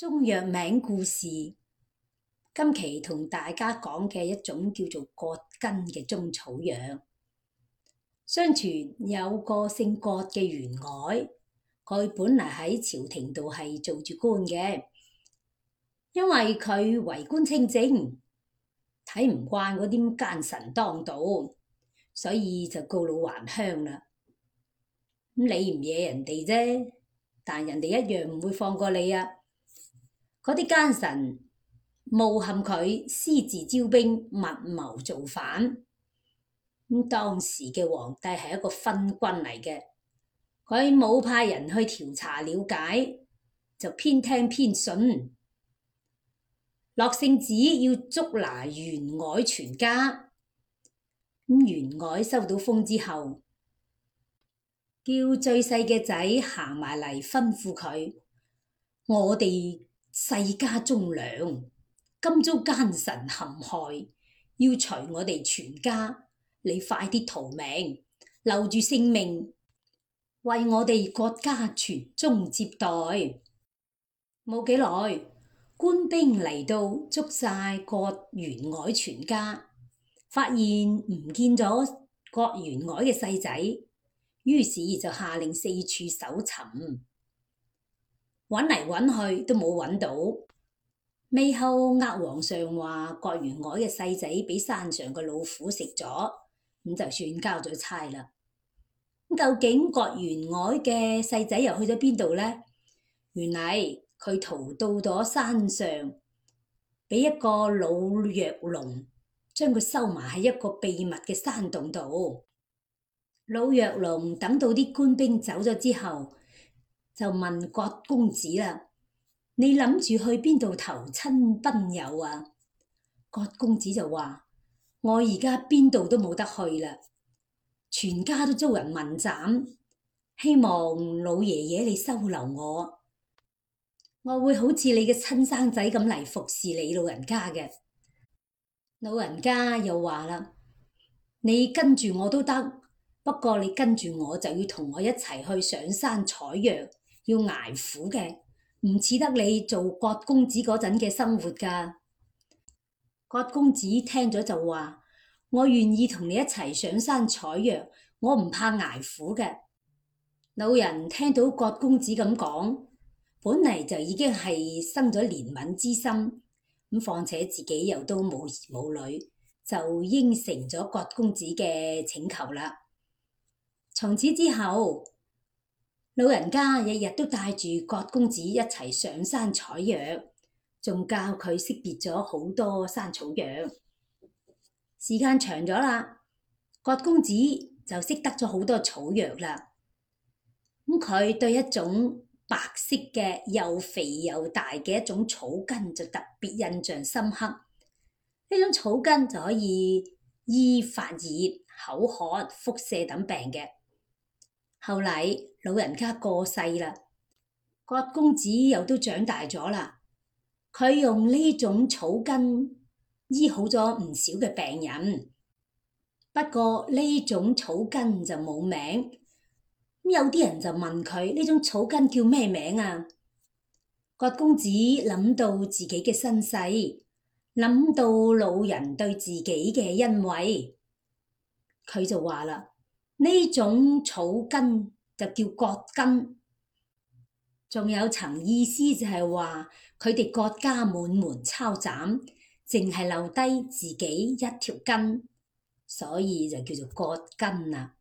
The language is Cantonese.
中藥名故事，今期同大家講嘅一種叫做葛根嘅中草藥。相傳有個姓葛嘅員外，佢本嚟喺朝廷度係做住官嘅，因為佢為官清正，睇唔慣嗰啲奸臣當道，所以就告老還鄉啦。咁、嗯、你唔惹人哋啫，但人哋一樣唔會放過你啊！嗰啲奸臣誣陷佢私自招兵，密謀造反，咁當時嘅皇帝係一個昏君嚟嘅，佢冇派人去調查了解，就偏聽偏信。落聖旨要捉拿袁凱全家，咁袁凱收到風之後，叫最細嘅仔行埋嚟吩咐佢，我哋，世家忠良，今遭奸臣陷害，要除我哋全家，你快啲逃命，留住性命，為我哋國家傳宗接代。冇幾耐，官兵嚟到捉晒郭元凱全家，發現唔見咗郭元凱嘅細仔，於是就下令四處搜尋。揾嚟揾去都冇揾到，尾後呃皇上話葛員外嘅細仔俾山上嘅老虎食咗，咁就算交咗差啦。咁究竟葛員外嘅細仔又去咗邊度呢？原來佢逃到咗山上，俾一個老藥龍將佢收埋喺一個秘密嘅山洞度。老藥龍等到啲官兵走咗之後，就問郭公子啦，你諗住去邊度投親奔友啊？郭公子就話：我而家邊度都冇得去啦，全家都遭人問斬，希望老爺爺你收留我，我會好似你嘅親生仔咁嚟服侍你老人家嘅。老人家又話啦：你跟住我都得，不過你跟住我就要同我一齊去上山採藥。要挨苦嘅，唔似得你做郭公子嗰陣嘅生活噶。郭公子聽咗就話，我願意同你一齊上山採藥，我唔怕挨苦嘅。老人聽到郭公子咁講，本嚟就已經係生咗憐憫之心，咁況且自己又都冇兒冇女，就應承咗郭公子嘅請求啦。從此之後。老人家日日都帶住葛公子一齊上山採藥，仲教佢識別咗好多山草藥。時間長咗啦，葛公子就識得咗好多草藥啦。咁佢對一種白色嘅又肥又大嘅一種草根就特別印象深刻。呢種草根就可以醫發熱、口渴、腹瀉等病嘅。後嚟老人家過世啦，郭公子又都長大咗啦。佢用呢種草根醫好咗唔少嘅病人，不過呢種草根就冇名。有啲人就問佢呢種草根叫咩名啊？郭公子諗到自己嘅身世，諗到老人對自己嘅恩惠，佢就話啦。呢種草根就叫葛根，仲有層意思就係話佢哋國家滿門抄斬，淨係留低自己一條根，所以就叫做葛根啦。